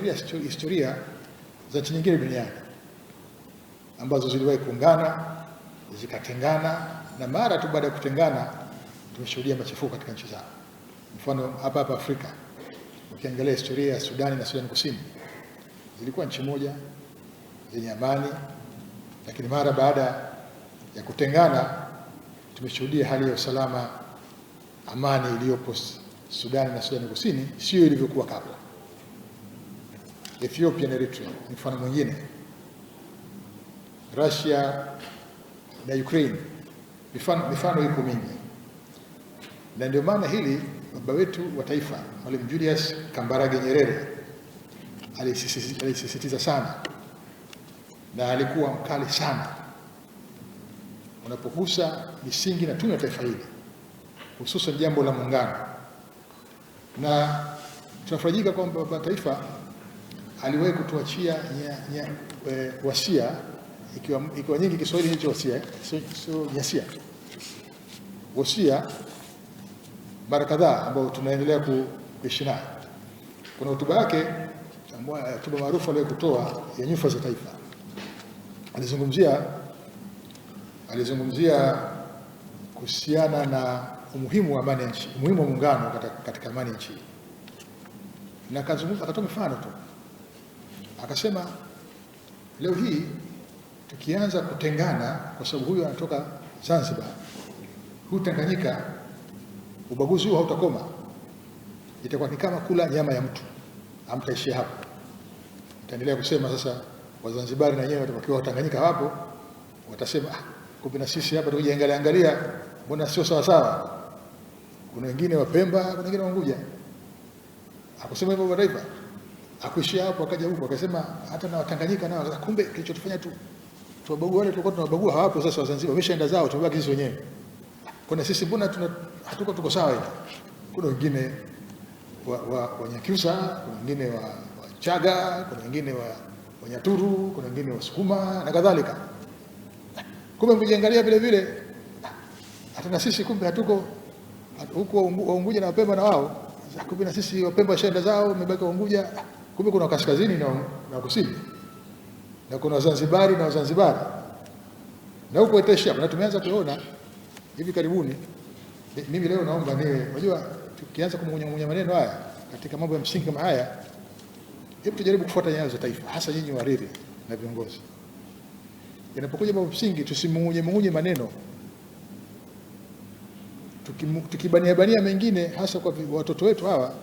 kufuatilia historia za nchi nyingine duniani ambazo ziliwahi kuungana zikatengana, na mara tu baada ya kutengana tumeshuhudia machafuko katika nchi zao. Mfano hapa hapa Afrika, ukiangalia historia ya Sudani na Sudani Kusini, zilikuwa nchi moja zenye amani, lakini mara baada ya kutengana tumeshuhudia hali ya usalama, amani iliyopo Sudani na Sudani Kusini sio ilivyokuwa kabla. Ethiopia na Eritrea ni mfano mwingine. Russia na Ukraine, mifano, mifano iko mingi, na ndio maana hili baba wetu wa taifa Mwalimu Julius Kambarage Nyerere alisisitiza sana na alikuwa mkali sana unapogusa misingi na tunu ya taifa hili, hususan jambo la muungano, na tunafarajika kwamba baba taifa aliwahi kutuachia e, wasia ikiwa, ikiwa nyingi Kiswahili hicho wasia so, so, nyasia wasia mara kadhaa ambao tunaendelea kuishi naye. Kuna hotuba yake eh, hotuba maarufu aliyo kutoa ya nyufa za taifa, alizungumzia alizungumzia kuhusiana na umuhimu wa amani ya nchi, umuhimu wa muungano katika, katika amani ya nchi na akatoa mfano tu Akasema leo hii tukianza kutengana, kwa sababu huyu anatoka Zanzibar, huyu Tanganyika, ubaguzi huu hautakoma, itakuwa ni kama kula nyama ya mtu, amtaishia hapo. Itaendelea kusema sasa, Wazanzibari na wenyewe wakiwa Watanganyika wapo watasema ah, kumbe na sisi hapa tukijiangalia angalia, mbona sio sawa sawa? Kuna wengine Wapemba, kuna wengine Unguja. Akusema hivyo mataifa Hakuishia hapo, akaja huko akasema hata na Watanganyika nao, kumbe kilichotufanya tu tuwabagua wale tulikuwa tunawabagua hawapo. Sasa Wazanzibar wameshaenda zao, tumebaki sisi wenyewe. Kuna sisi mbona tuna hatuko tuko sawa hivi? Kuna wengine wa, wa, wa Nyakyusa, kuna wengine wa, Wachaga, kuna wengine wa, wa Nyaturu, kuna wengine wa Sukuma na kadhalika. Kumbe mkijiangalia vile vile hata na sisi kumbe hatuko huko Waunguja na Wapemba na wao kumbe na sisi Wapemba washaenda zao, wamebaki Waunguja. Kumbe kuna kaskazini na, na kusini na kuna Wazanzibari na Wazanzibari na huko eteshia, na tumeanza kuona hivi karibuni. Mimi leo naomba ni unajua tukianza kumngunyamunya maneno haya katika mambo ya msingi kama haya, hebu tujaribu kufuata nyayo za taifa, hasa nyinyi wariri na viongozi. Inapokuja mambo msingi, munye maneno tukibaniabania bania mengine, hasa kwa watoto wetu hawa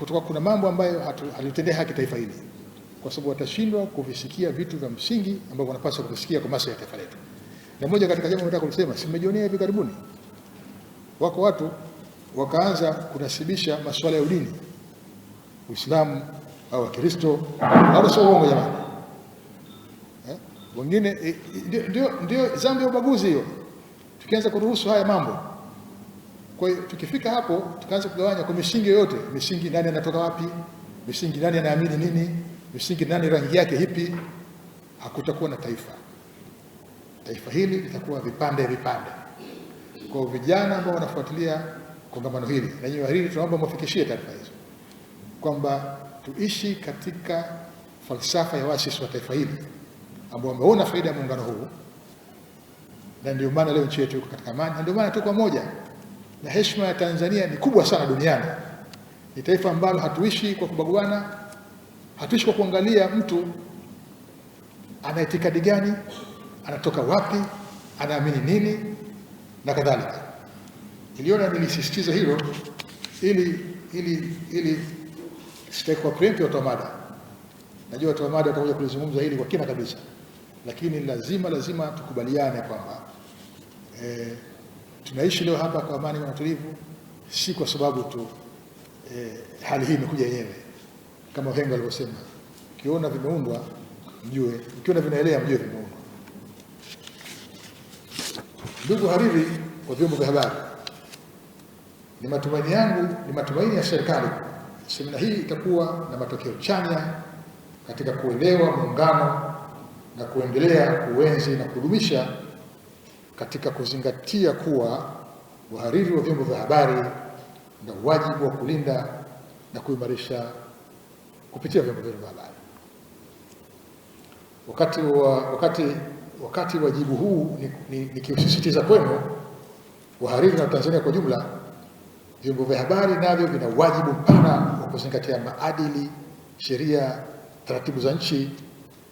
kutoka, kuna mambo ambayo halitendea haki taifa hili, kwa sababu watashindwa kuvisikia vitu vya msingi ambavyo wanapaswa kuvisikia kwa maslahi ya taifa letu. Na moja katika jambo nataka kulisema, simejionea hivi karibuni, wako watu wakaanza kunasibisha masuala ya udini, Uislamu au Wakristo, au sio? Uongo jamani eh? Wengine eh, ndio ndio dhambi ya ubaguzi hiyo, tukianza kuruhusu haya mambo kwa hiyo tukifika hapo tukaanza kugawanya kwa misingi yote, misingi nani anatoka wapi, misingi nani anaamini nini, misingi nani rangi yake hipi, hakutakuwa na taifa. Taifa hili litakuwa vipande vipande. Kwa vijana ambao wanafuatilia kongamano hili, na nyinyi hili tunaomba mwafikishie taarifa hizo kwamba tuishi katika falsafa ya waasisi wa taifa hili ambao wameona faida ya muungano huu, na ndio maana leo nchi yetu iko katika amani, na ndio maana tuko moja na heshima ya Tanzania ni kubwa sana duniani. Ni taifa ambalo hatuishi kwa kubaguana, hatuishi kwa kuangalia mtu ana itikadi gani, anatoka wapi, anaamini nini na kadhalika. Niliona nilisisitiza hilo ili ili ili sitaki kwa watu wa mada. Najua watu wa mada watakuja kulizungumza hili kwa kina kabisa, lakini lazima lazima tukubaliane kwamba eh, Tunaishi leo hapa kwa amani na utulivu, si kwa sababu tu eh, hali hii imekuja yenyewe. Kama wahenga walivyosema, ukiona vimeundwa mjue, ukiona vinaelea mjue vimeundwa. Ndugu hariri wa vyombo vya habari, ni matumaini yangu, ni matumaini ya serikali, semina hii itakuwa na matokeo chanya katika kuelewa muungano na kuendelea kuenzi na kudumisha katika kuzingatia kuwa wahariri wa vyombo vya habari na wajibu wa kulinda na kuimarisha kupitia vyombo vya habari. Wakati wa wakati wakati wajibu huu nikiusisitiza ni, ni kwenu wahariri na Tanzania kwa jumla, vyombo vya habari navyo vina wajibu mpana wa kuzingatia maadili, sheria, taratibu za nchi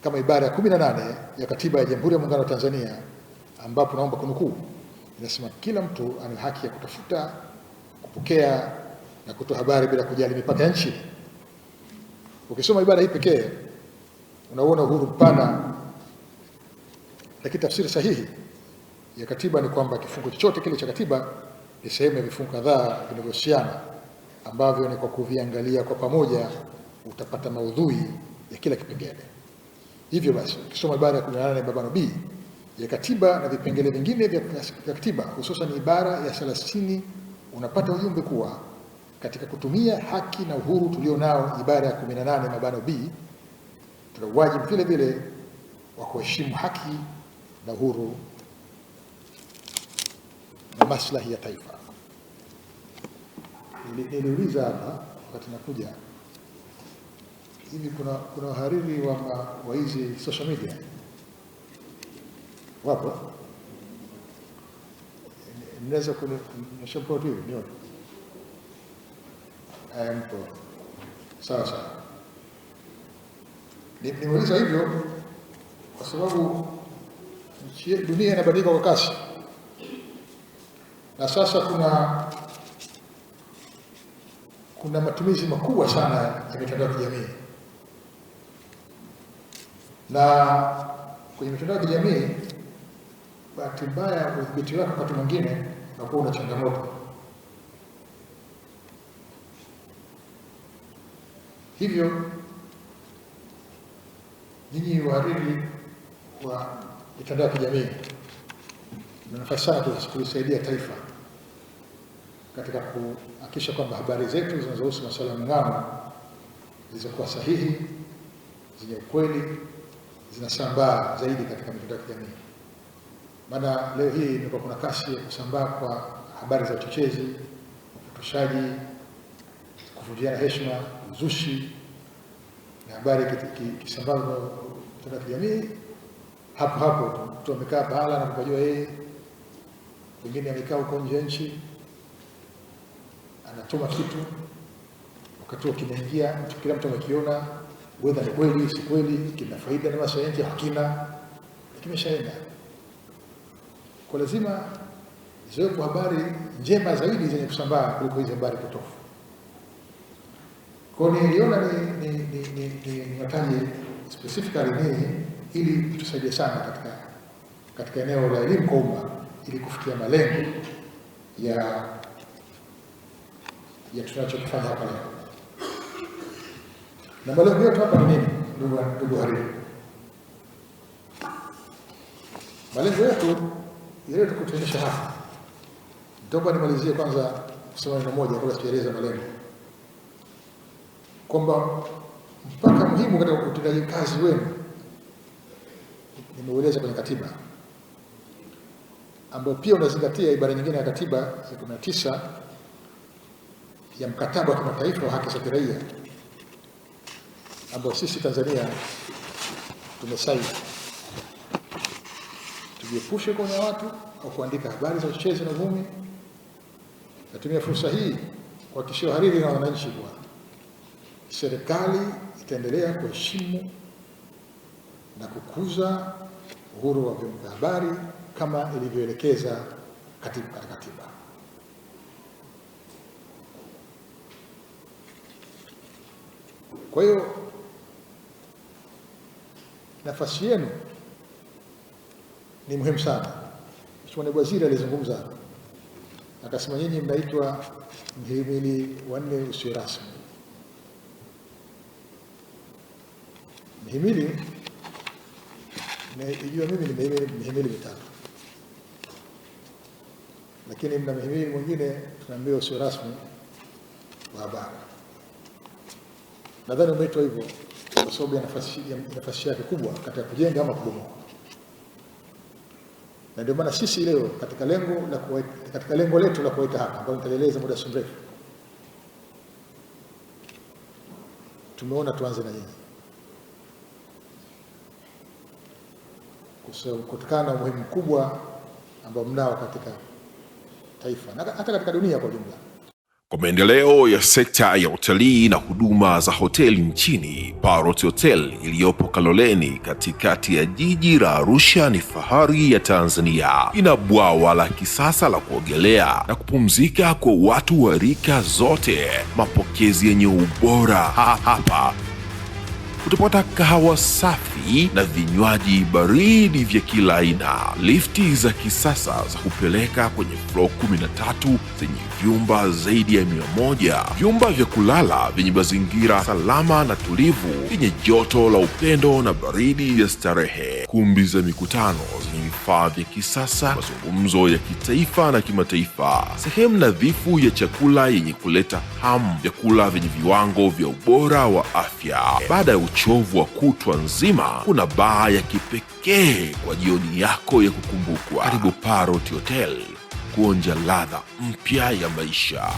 kama ibara ya 18 ya Katiba ya Jamhuri ya Muungano wa Tanzania ambapo naomba kunukuu, inasema kila mtu ana haki ya kutafuta, kupokea na kutoa habari bila kujali mipaka ya nchi. Ukisoma ibara hii pekee unaona uhuru mpana, lakini tafsiri sahihi ya katiba ni kwamba kifungu chochote kile cha katiba ni sehemu ya vifungu kadhaa vinavyohusiana ambavyo ni kwa kuviangalia kwa pamoja utapata maudhui ya kila kipengele. Hivyo basi, ukisoma ibara ya 18 babano b ya katiba na vipengele vingine vya katiba, hususan ibara ya thelathini, unapata ujumbe kuwa katika kutumia haki na uhuru tulio nao, ibara ya 18 mabano b, tuna wajibu vile vile wa kuheshimu haki na uhuru na maslahi ya taifa. Niliuliza hapa wakati nakuja hivi, kuna kuna wahariri wa hizi social media wapo mnaweza kunashompa hivi nione mpo sawa sawa. Nimeuliza hivyo kwa sababu dunia inabadilika kwa kasi, na sasa kuna kuna matumizi makubwa sana ya mitandao ya kijamii, na kwenye mitandao ya kijamii bahati mbaya udhibiti wake wakati mwingine unakuwa una changamoto. Hivyo nyinyi wahariri wa mitandao ya kijamii na nafasi sana kulisaidia taifa katika kuhakikisha kwamba habari zetu zinazohusu masuala ya muungano zilizokuwa sahihi, zenye ukweli, zinasambaa zaidi katika mitandao ya kijamii. Maana leo hii imekuwa kuna kasi ya kusambaa kwa habari za uchochezi, upotoshaji, kuvunjiana heshima, uzushi na habari ikisambaa kutoka kijamii, hapo hapo mtu amekaa pahala na kujua yeye, wengine amekaa huko nje nchi, anatuma kitu, wakati huo kinaingia, kila mtu amekiona, wedha ni kweli si kweli, kina faida na masaa hakina, kimeshaenda kwa lazima ziwepo habari njema zaidi zenye kusambaa kuliko hizi habari potofu. Kwa hiyo niliona ni ni ni ni, ni, ni specifically nini ili tusaidie sana katika katika eneo la elimu kwa umma ili kufikia malengo ya ya tunachokifanya hapa leo. Na malengo yetu hapa ni nini, ndugu ndugu Hariri? Malengo yetu Leo tukutuonyesha hapa. Nitaomba nimalizie kwanza kusema neno moja kabla sijaeleza malengo, kwamba mpaka muhimu katika utendaji kazi wenu nimeueleza kwenye katiba, ambayo pia unazingatia ibara nyingine ya katiba ya kumi na tisa ya mkataba wa kimataifa wa haki za kiraia ambayo sisi Tanzania tumesaini tujiepushe kwa watu kwa kuandika habari za uchochezi na uvumi. Natumia fursa hii kuhakikishia wahariri na wananchi kuwa serikali itaendelea kuheshimu na kukuza uhuru wa vyombo vya habari kama ilivyoelekeza katibu katika katiba. Kwa hiyo nafasi yenu ni muhimu sana. Mheshimiwa Naibu Waziri alizungumza akasema, nyinyi mnaitwa mhimili wa nne usio rasmi. Mhimili ijua mimi ni mhimili mitatu, lakini mna mhimili mwingine tunaambia usio rasmi wa habari. Nadhani umeitwa hivyo kwa sababu ya nafasi yake kubwa katika kujenga ama kubomoa na ndio maana sisi leo katika lengo la kuwaita, katika lengo letu la kuwaita hapa ambayo nitaeleza muda si mrefu, tumeona tuanze na nyinyi kutokana na umuhimu mkubwa ambao mnao katika taifa na hata katika dunia kwa ujumla. Kwa maendeleo ya sekta ya utalii na huduma za hoteli nchini, Parrot Hotel iliyopo Kaloleni katikati ya jiji la Arusha ni fahari ya Tanzania. Ina bwawa la kisasa la kuogelea na kupumzika kwa watu wa rika zote, mapokezi yenye ubora hapa utapata kahawa safi na vinywaji baridi vya kila aina. Lifti za kisasa za kupeleka kwenye flo 13 zenye vyumba zaidi ya mia moja, vyumba vya kulala vyenye mazingira salama na tulivu, vyenye joto la upendo na baridi ya starehe, kumbi za mikutano zenye vifaa vya kisasa, mazungumzo ya kitaifa na kimataifa, sehemu nadhifu ya chakula yenye kuleta hamu, vyakula vyenye viwango vya ubora wa afya. Baada ya uchovu wa kutwa nzima, kuna baa ya kipekee kwa jioni yako ya kukumbukwa. Karibu Parrot Hotel kuonja ladha mpya ya maisha.